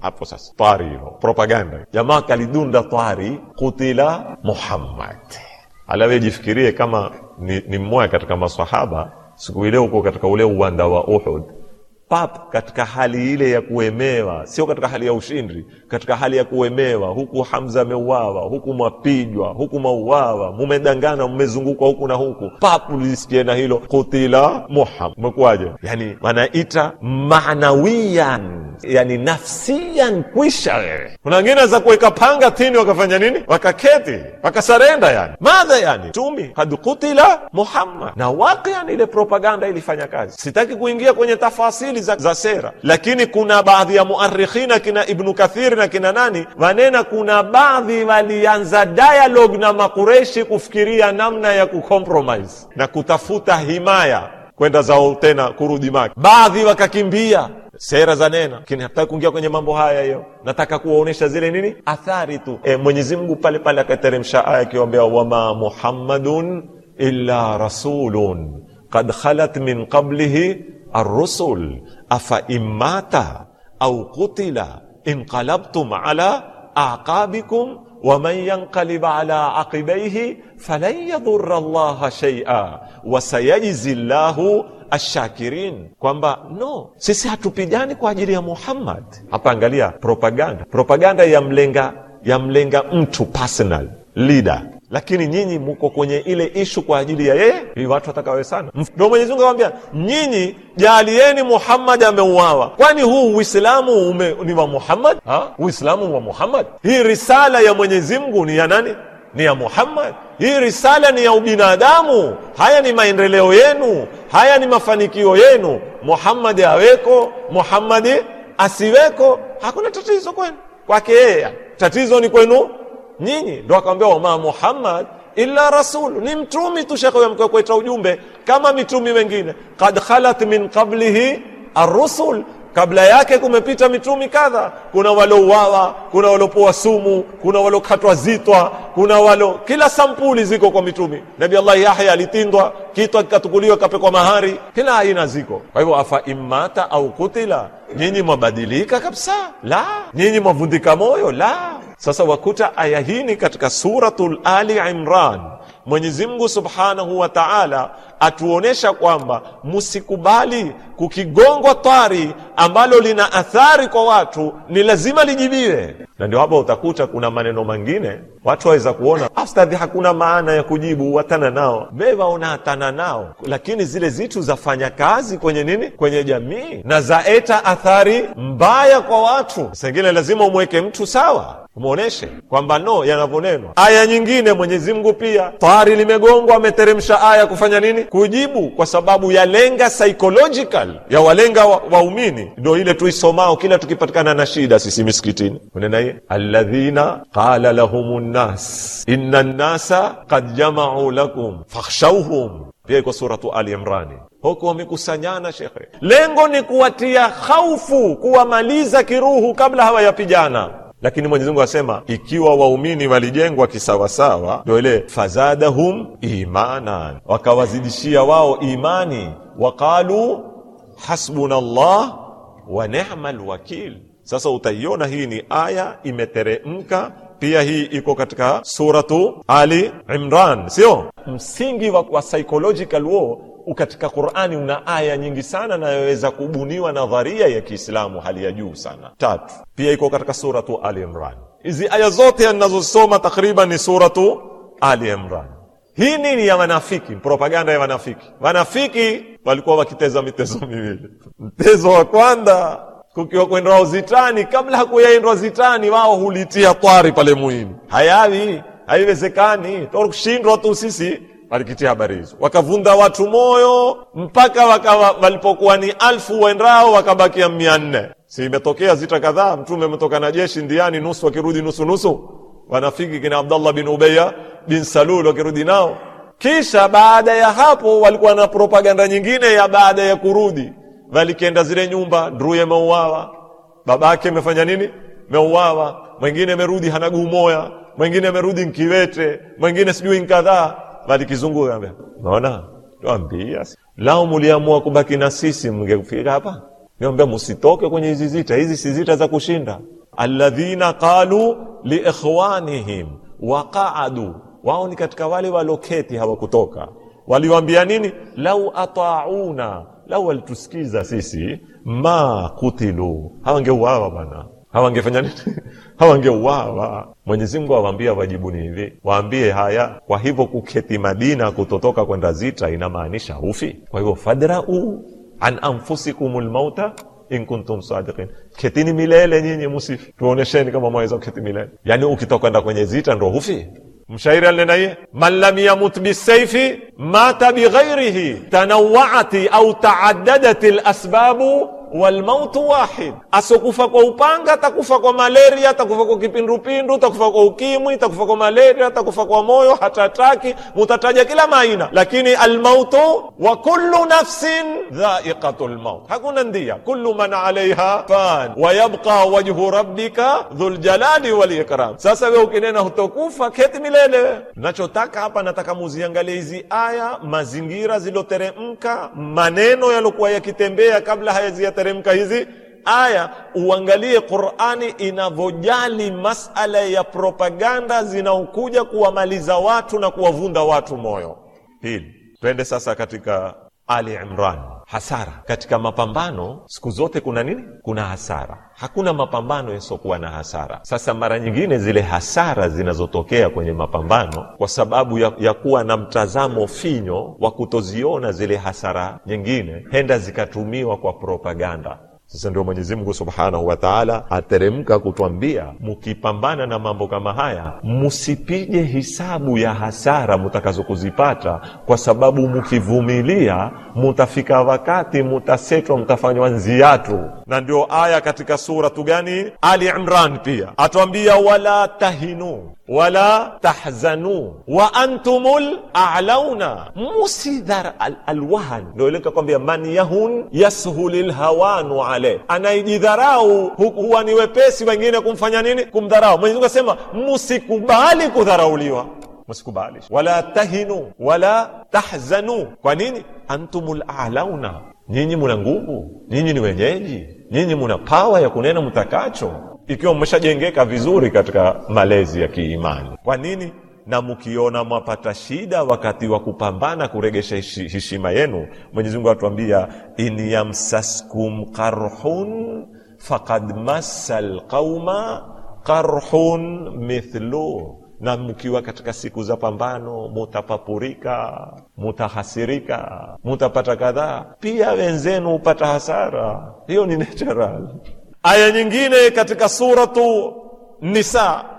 hapo. Sasa twari hilo propaganda, jamaa kalidunda twari, kutila Muhammad. Alawe jifikirie kama ni, ni mmoja katika masahaba siku ile huko katika ule uwanda wa Uhud pap katika hali ile ya kuemewa, sio katika hali ya ushindi, katika hali ya kuemewa. Huku Hamza ameuawa, huku mwapijwa, huku mauawa, mumedangana, mmezungukwa huku na huku, pap ulisikia na hilo kutila Muhammad, umekuwaje? Yani wanaita manawiyan, yani nafsiyan, kwisha wewe. Kuna wengine za kuweka panga tini, wakafanya nini? Wakaketi, wakasarenda, yani madha, yani tumi kad kutila Muhammad. Na waqian, ile propaganda ilifanya kazi. Sitaki kuingia kwenye tafasili shughuli za, za sera, lakini kuna baadhi ya muarikhina kina Ibnu Kathiri na kina nani wanena, kuna baadhi walianza dialogue na Makureshi kufikiria namna ya kucompromise na kutafuta himaya kwenda zao tena kurudi Maka. Baadhi wakakimbia sera za nena, lakini hataki kuingia kwenye mambo haya. Hiyo nataka kuwaonyesha zile nini athari tu. E, Mwenyezi Mungu pale pale akateremsha aya akiwambia, wama Muhammadun illa rasulun kad khalat min qablihi arrusul afa imata au kutila inqalabtum ala aqabikum waman yanqalib ala aqibaihi falan yadhurra llaha shaia wasayajzi llahu ashakirin kwamba no sisi hatupigani kwa ajili ya muhammad hapa angalia propaganda propaganda yamlenga yamlenga mtu personal leader lakini nyinyi muko kwenye ile ishu kwa ajili ya yeye, ili watu watakawe sana. ndo Mwenyezi Mungu akamwambia, nyinyi jalieni Muhammad ameuawa. Kwani huu Uislamu ni wa Muhammad? Uislamu wa Muhammad, hii risala ya Mwenyezi Mungu ni ya nani? Ni ya Muhammad. Hii risala ni ya ubinadamu. Haya ni maendeleo yenu, haya ni mafanikio yenu. Muhammad aweko, Muhammad asiweko, hakuna tatizo kwenu, kwake yeye. Tatizo ni kwenu nyinyi ndo akamwambia wama Muhammad illa rasul ni mtumi tu shekhe mko kuita ujumbe kama mitumi wengine kad khalat min qablihi arrusul rusul kabla yake kumepita mitumi kadha kuna walouawa kuna walopoa sumu kuna walokatwa zitwa kuna walo kila sampuli ziko kwa mitumi nabi allah yahya alitindwa kitwa kikatukuliwa kapekwa mahari kila aina ziko kwa hivyo afa imata au kutila nyinyi mwabadilika kabisa la nyinyi mwavundika moyo la sasa wakuta aya hii ni katika suratul Ali Imran. Mwenyezi Mungu Subhanahu wa Ta'ala atuonesha kwamba msikubali kukigongwa twari ambalo lina athari kwa watu, ni lazima lijibiwe. Na ndio hapo utakuta kuna maneno mengine watu waweza kuona astadhi, hakuna maana ya kujibu, watana nao bewaona, hatana nao, lakini zile zitu zafanya kazi kwenye nini, kwenye jamii na zaeta athari mbaya kwa watu. Sengine lazima umweke mtu sawa Mwoneshe kwamba no yanavyonenwa. Aya nyingine Mwenyezi Mungu pia tari limegongwa, ameteremsha aya kufanya nini? kujibu, kwa sababu yalenga psychological ya walenga waumini wa ndio ile tuisomao kila tukipatikana na shida sisi misikitini, unenaiye alladhina qala lahum nnas inna nnasa qad jamau lakum fakhshawhum, pia iko suratu Ali Imrani huko wamekusanyana shekhe, lengo ni kuwatia khaufu, kuwamaliza kiruhu kabla hawayapijana lakini mwenyezimungu asema ikiwa waumini walijengwa kisawasawa, ndio ile fazadahum imanan, wakawazidishia wao imani, waqalu hasbuna llah wa nema lwakil Sasa utaiona hii ni aya imeteremka pia hii iko katika suratu Ali Imran, sio msingi wa, wa psychological war katika Qur'ani una aya nyingi sana nayoweza kubuniwa nadharia ya Kiislamu hali ya juu sana. Tatu, pia iko katika suratu Ali Imran. Hizi aya zote anazosoma takriban ni suratu Ali Imran. Hii nini ya wanafiki, propaganda ya wanafiki. Wanafiki walikuwa wakiteza mitezo miwili. Mtezo wa kwanza kukiwa kwenda uzitani kabla hakuyaenda zitani, wao hulitia twari pale muhimu. Hayawi, haiwezekani, tokushindwa tu sisi walikitia habari hizo, wakavunda watu moyo mpaka wakawa, walipokuwa ni alfu waendao wakabakia mia nne. Si imetokea zita kadhaa, Mtume ametoka na jeshi ndiani, nusu wakirudi nusu nusu, wanafiki kina Abdallah bin Ubeya bin Salul wakirudi nao. Kisha baada ya hapo walikuwa na propaganda nyingine ya baada ya kurudi, walikenda zile nyumba, nduye ameuawa, babake amefanya nini, meuawa, mwingine amerudi hana guu moya, mwingine amerudi nkiwete, mwingine sijui nkadhaa wakati kizungu kaambia, naona tuambia, lao muliamua kubaki na sisi mngefika hapa. Niambia msitoke kwenye hizi zita, hizi si zita za kushinda. Alladhina qalu liikhwanihim waqaadu, wao ni katika wale waloketi hawakutoka. Waliwaambia nini? lau atauna, lau walitusikiza sisi ma kutilu, hawangeuawa bana hawangefanya nini? Hawangeuawa. Mwenyezi Mungu wajibu ni hivi, waambie haya. Kwa hivyo kuketi Madina kutotoka kwenda zita inamaanisha hufi. Kwa hivyo fadrau an anfusikum lmauta in kuntum sadikin ketini milele nyinyi musifi, tuonesheni kama mwaweza kuketi milele. Yani ukitoka kwenda kwenye zita ndo hufi. Mshairi alinena hiye, man lam yamut bisaifi mata bighairihi tanawaati au taadadat lasbabu walmautu wahid, asokufa kwa upanga takufa kwa malaria, takufa kwa kipindupindu, takufa kwa ukimwi, takufa kwa malaria, takufa kwa moyo, hatataki, mutataja kila maina, lakini almautu wa kullu nafsin dhaiqatu maut, hakuna ndia, kullu man alaiha fan wa yabqa wajhu rabbika dhul jalali wal ikram. Sasa wewe ukinena hutokufa keti milele, nachotaka hapa, nataka muziangalie hizi aya, mazingira ziloteremka, maneno yalokuwa yakitembea kabla hayazi zinateremka hizi aya, uangalie Qur'ani inavyojali masala ya propaganda zinaokuja kuwamaliza watu na kuwavunda watu moyo. Pili, twende sasa katika Ali Imran hasara katika mapambano. Siku zote kuna nini? Kuna hasara. Hakuna mapambano yasiokuwa na hasara. Sasa mara nyingine zile hasara zinazotokea kwenye mapambano, kwa sababu ya, ya kuwa na mtazamo finyo wa kutoziona zile hasara nyingine, henda zikatumiwa kwa propaganda sasa ndio Mwenyezi Mungu Subhanahu wa Ta'ala ateremka kutwambia, mkipambana na mambo kama haya msipige hisabu ya hasara mutakazokuzipata kwa sababu mkivumilia mutafika wakati mutasetwa, mtafanywa nziatu. Na ndio aya katika suratu gani? Ali Imran pia atwambia, wala tahinu wala tahzanu wa antumul a'launa, musidhar al alwahan. Ndio ile nikakwambia, man yahun yashulil hawanu ale, anayejidharau huwa ni wepesi wengine kumfanya nini? Kumdharau. Mwenyezi Mungu asema, msikubali kudharauliwa, msikubali. Wala tahinu wala tahzanu. Kwa nini? Antumul a'launa, nyinyi muna nguvu, nyinyi ni wenyeji, nyinyi muna pawa ya kunena mtakacho ikiwa mmeshajengeka vizuri katika malezi ya kiimani. Kwa nini? Na mkiona mwapata shida wakati wa kupambana kuregesha heshima yenu, Mwenyezi Mungu atuambia in yamsaskum qarhun faqad massal qauma qarhun mithlu na mkiwa katika siku za pambano mutapapurika, mutahasirika, mutapata kadhaa, pia wenzenu hupata hasara. Hiyo ni natural aya nyingine katika suratu nisa Mwenyezi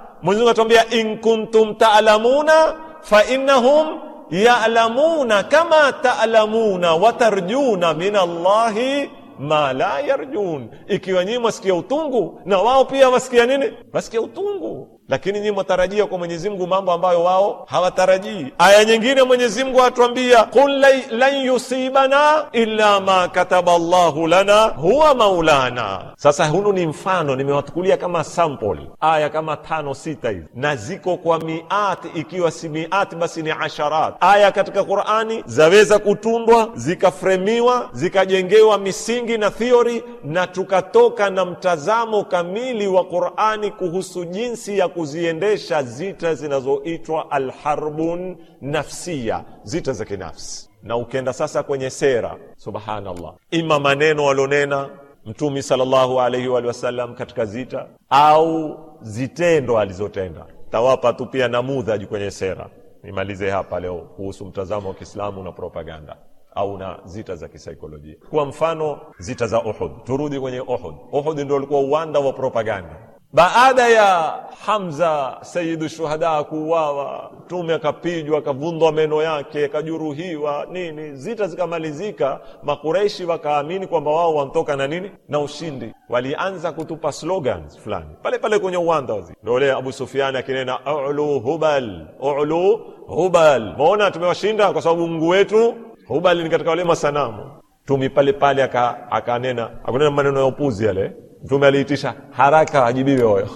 Mungu atuambia in kuntum ta'lamuna fa innahum ya'lamuna kama ta'lamuna watarjuna min Allahi ma la yarjun ikiwa nyinyi mwasikia utungu na wao pia wasikia nini wasikia utungu lakini nyinyi mwatarajia kwa Mwenyezi Mungu mambo ambayo wao hawatarajii. Aya nyingine Mwenyezi Mungu atuambia, qul lan yusibana illa ma kataba Allahu lana huwa maulana. Sasa hunu ni mfano, nimewatukulia kama sample aya kama tano sita hivi, na ziko kwa miati, ikiwa si miati basi ni asharat aya katika Qur'ani, zaweza kutundwa zikafremiwa zikajengewa misingi na theory, na tukatoka na mtazamo kamili wa Qur'ani kuhusu jinsi ya ku kuziendesha zita zinazoitwa alharbun nafsia, zita za kinafsi. Na ukienda sasa kwenye sera, subhanallah, ima maneno alionena Mtumi sallallahu alaihi wa sallam katika zita au zitendo alizotenda. Tawapa tu pia namudhaji kwenye sera. Nimalize hapa leo kuhusu mtazamo wa Kiislamu na propaganda au na zita za kisaikolojia. Kwa mfano, zita za Uhud, turudi kwenye Uhud. Uhud ndio ulikuwa uwanda wa propaganda baada ya Hamza sayyidu shuhada kuuawa, Mtume akapijwa, akavundwa meno yake, akajuruhiwa nini, zita zikamalizika, Makureishi wakaamini kwamba wao wantoka na nini na ushindi. Walianza kutupa slogans fulani pale pale kwenye uwanda wazi, ndio ile Abu sufiani akinena ulu hubal, ulu hubal, maona tumewashinda kwa sababu Mungu wetu Hubal ni katika wale masanamu. Mtume pale pale akanena, akunena maneno ya upuzi yale Mtume aliitisha haraka ajibiwe hoyo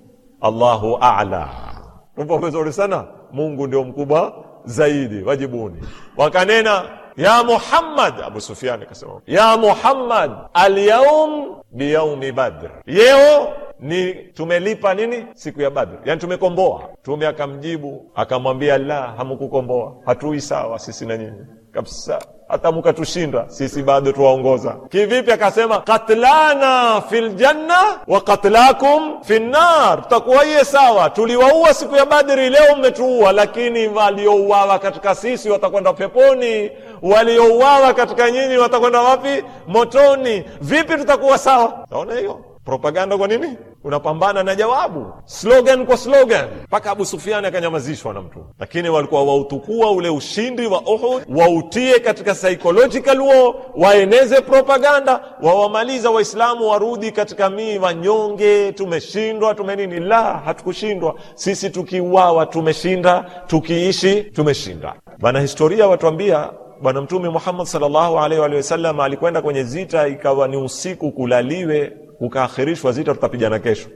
Allahu a'la. Tupo vizuri sana, Mungu ndio mkubwa zaidi, wajibuni. Wakanena ya Muhammad, Abu Sufyan akasema ya Muhammad, alyaum biyaumi Badr, yeo ni tumelipa nini siku ya Badr, yani tumekomboa. Mtume akamjibu akamwambia, la, hamkukomboa, hatui sawa sisi na nyinyi kabisa hata mukatushinda sisi bado tuwaongoza kivipi? Akasema katlana fil janna wa katlakum fi nnar, tutakuwa hiye sawa. Tuliwaua siku ya Badri, leo mmetuua, lakini waliouawa katika sisi watakwenda peponi, waliouawa katika nyinyi watakwenda wapi? Motoni. Vipi tutakuwa sawa? Naona hiyo propaganda kwa nini? unapambana na jawabu slogan kwa slogan mpaka Abu Sufiani akanyamazishwa na mtu, lakini walikuwa wautukua ule ushindi wa Uhud, wautie katika psychological war, waeneze propaganda, wawamaliza Waislamu warudi katika mii wanyonge, tumeshindwa tumenini. La, hatukushindwa sisi, tukiuawa tumeshinda, tukiishi tumeshinda. wanahistoria watuambia Bwana Mtume Muhammad sallahu alaihi wa alikwenda kwenye zita, ikawa ni usiku kulaliwe ukaakhirishwa zita tutapigana kesho.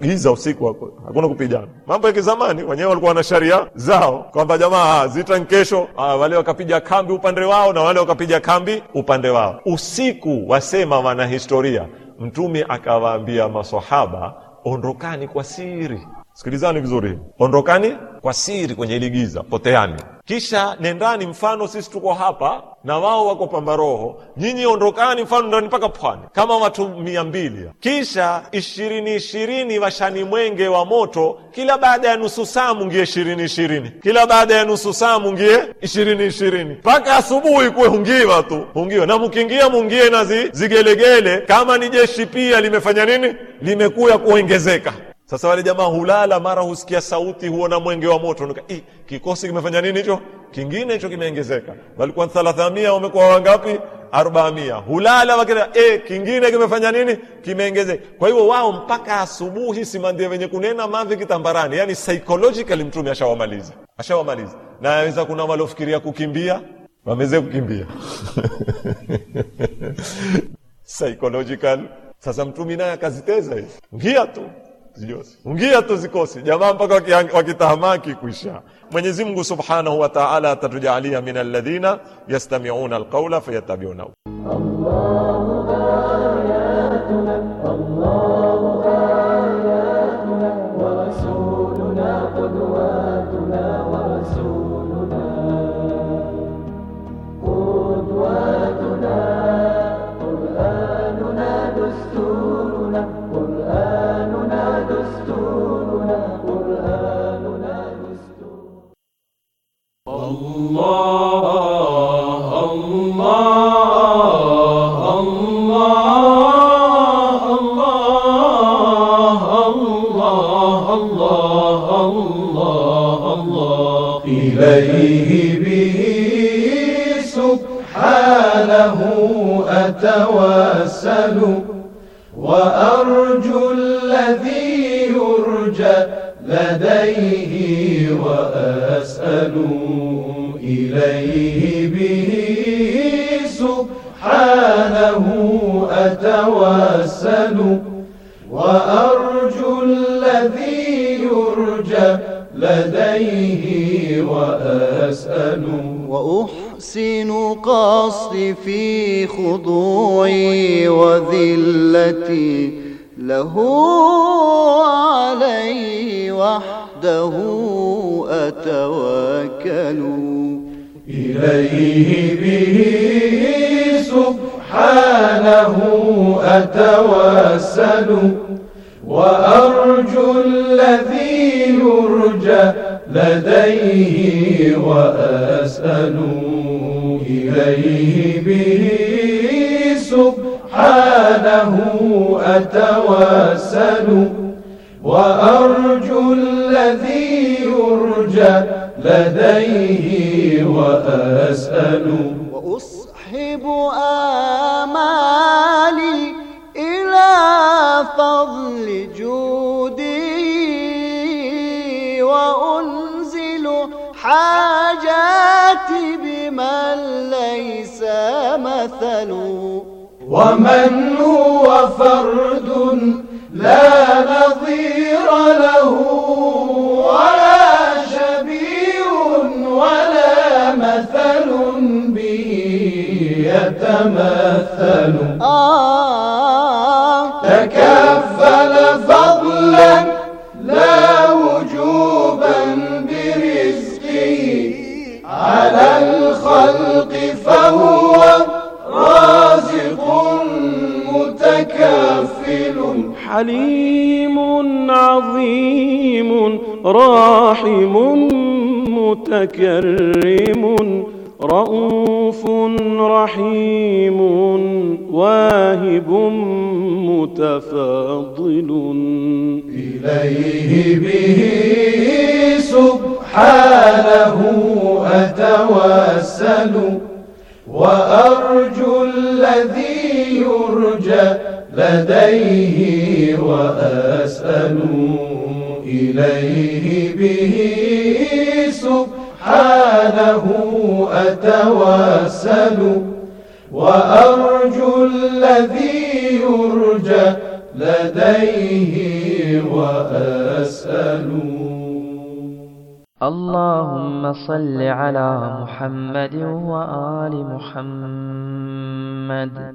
Giza usiku hapo, hakuna kupigana. Mambo ya kizamani, wenyewe walikuwa na sharia zao kwamba jamaa ah, zita nkesho, ah, wale wakapiga kambi upande wao na wale wakapiga kambi upande wao. Usiku wasema wanahistoria Mtume akawaambia masahaba ondokani kwa siri Sikilizani vizuri, ondokani kwa siri kwenye hili giza, poteani, kisha nendani. Mfano sisi tuko hapa na wao wako roho nyinyi ondokani, mfano ndani mpaka pwani, kama watu mia mbili. Kisha ishirini ishirini washani mwenge wa moto, kila baada ya nusu saa mungie ishirini ishirini, kila baada ya nusu saa mungie ishirini ishirini, mpaka asubuhi kuwe hungiwa tu hungiwa, na mkiingia mungie nazi zigelegele, kama ni jeshi pia limefanya nini, limekuya kuongezeka sasa wale jamaa hulala, mara husikia sauti, huona mwenge wa moto, nuka i kikosi kimefanya nini hicho kingine hicho kimeongezeka. Walikuwa 300 wamekuwa wangapi? 400. Hulala wakila e, eh, kingine kimefanya nini kimeongezeka. Kwa hiyo wao mpaka asubuhi simandia wenye kunena mavi kitambarani, yani psychologically mtume ashawamaliza, ashawamaliza. Na aweza kuna waliofikiria kukimbia, wameze kukimbia psychological. Sasa mtume naye akaziteza hivi ngia tu Zijosi ungia tuzikosi jamaa mpaka wakitahamaki kuisha. Mwenyezi Mungu Subhanahu wa Ta'ala atatujalia min alladhina yastami'una alqawla fayattabi'una Allah أتوسل وأرجو الذي يرجى لديه وأسأل إليه به سبحانه أتوسل وأرجو الذي يرجى لديه وأسأل وأصحب آه ومن هو فرد لا نظير له ولا شبيه ولا مثل به يتمثل آه. تكفل فضلا لا وجوبا برزقه على الخلق فهو حليم عظيم راحم متكرم رؤوف رحيم واهب متفاضل إليه به سبحانه أتوسل وأرجو الذي يرجى لديه وأسأل إليه به سبحانه أتوسل وأرجو الذي يرجى لديه وأسأل اللهم صل على محمد وآل محمد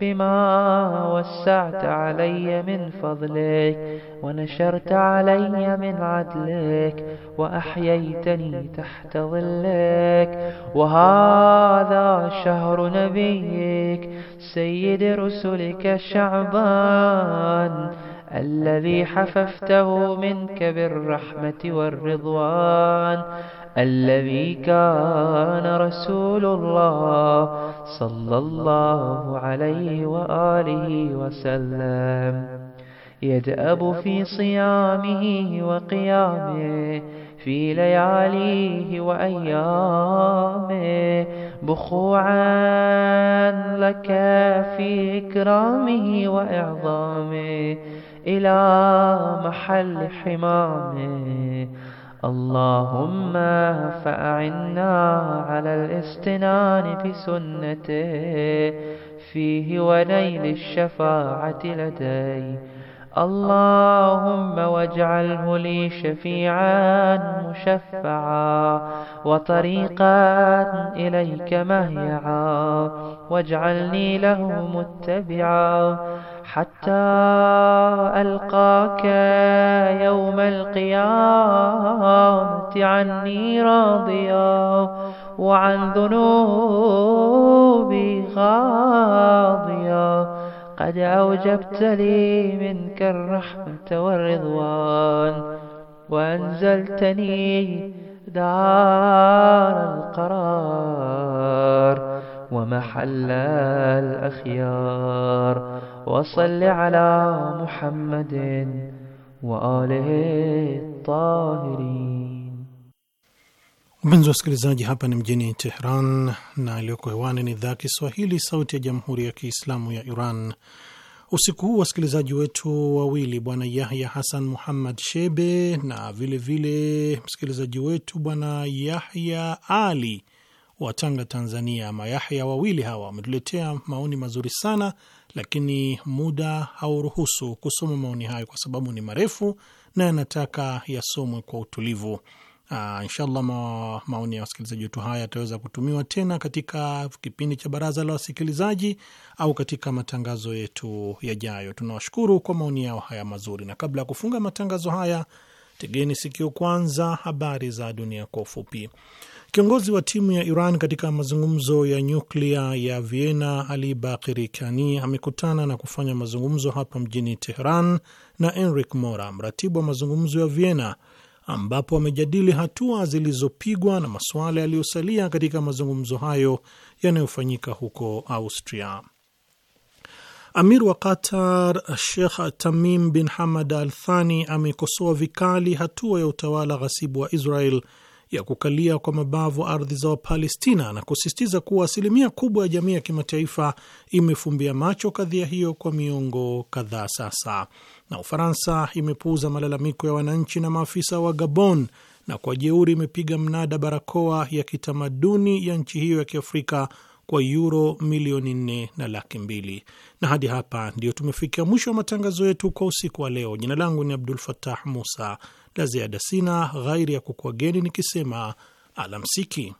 بما وسعت علي من فضلك ونشرت علي من عدلك وأحييتني تحت ظلك وهذا شهر نبيك سيد رسلك شعبان الذي حففته منك بالرحمة والرضوان الذي كان رسول الله صلى الله عليه وآله وسلم يدأب في صيامه وقيامه في لياليه وأيامه بخوعا لك في إكرامه وإعظامه إلى محل حمامه اللهم فأعنا على الاستنان بسنته فيه ونيل الشفاعة لديه اللهم واجعله لي شفيعا مشفعا وطريقا إليك مهيعا واجعلني له متبعا حتى ألقاك يوم القيامة عني راضيا وعن ذنوبي غاضيا قد أوجبت لي منك الرحمة والرضوان وأنزلتني دار القرار ومحل الأخيار وصل على محمد وآله الطاهرين Mpenzi wa wasikilizaji, hapa ni mjini Tehran na iliyoko hewani ni idhaa Kiswahili, sauti ya jamhuri ya kiislamu ya Iran. Usiku huu wasikilizaji wetu wawili, bwana Yahya Hasan Muhammad Shebe na vilevile vile msikilizaji wetu bwana Yahya Ali wa Tanga, Tanzania. Mayahya wawili hawa wametuletea maoni mazuri sana, lakini muda hauruhusu kusoma maoni hayo kwa sababu ni marefu na yanataka yasomwe kwa utulivu. Uh, inshallah ma, maoni ya wasikilizaji wetu haya yataweza kutumiwa tena katika kipindi cha baraza la wasikilizaji au katika matangazo yetu yajayo. Tunawashukuru kwa maoni yao haya mazuri, na kabla ya kufunga matangazo haya, tegeni sikio kwanza habari za dunia kwa ufupi. Kiongozi wa timu ya Iran katika mazungumzo ya nyuklia ya Vienna, Ali Bakiri Kani amekutana na kufanya mazungumzo hapa mjini Teheran na Enric Mora, mratibu wa mazungumzo ya Vienna ambapo wamejadili hatua zilizopigwa na masuala yaliyosalia katika mazungumzo hayo yanayofanyika huko Austria. Amir wa Qatar Shekh Tamim bin Hamad Al Thani amekosoa vikali hatua ya utawala ghasibu wa Israel ya kukalia kwa mabavu ardhi za Wapalestina na kusisitiza kuwa asilimia kubwa ya jamii ya kimataifa imefumbia macho kadhia hiyo kwa miongo kadhaa sasa. Na Ufaransa imepuuza malalamiko ya wananchi na maafisa wa Gabon na kwa jeuri imepiga mnada barakoa ya kitamaduni ya nchi hiyo ya kiafrika kwa yuro milioni nne na laki mbili. Na hadi hapa ndio tumefikia mwisho wa matangazo yetu kwa usiku wa leo. Jina langu ni Abdul Fatah Musa. La ziada sina ghairi ya kukuageni nikisema alamsiki.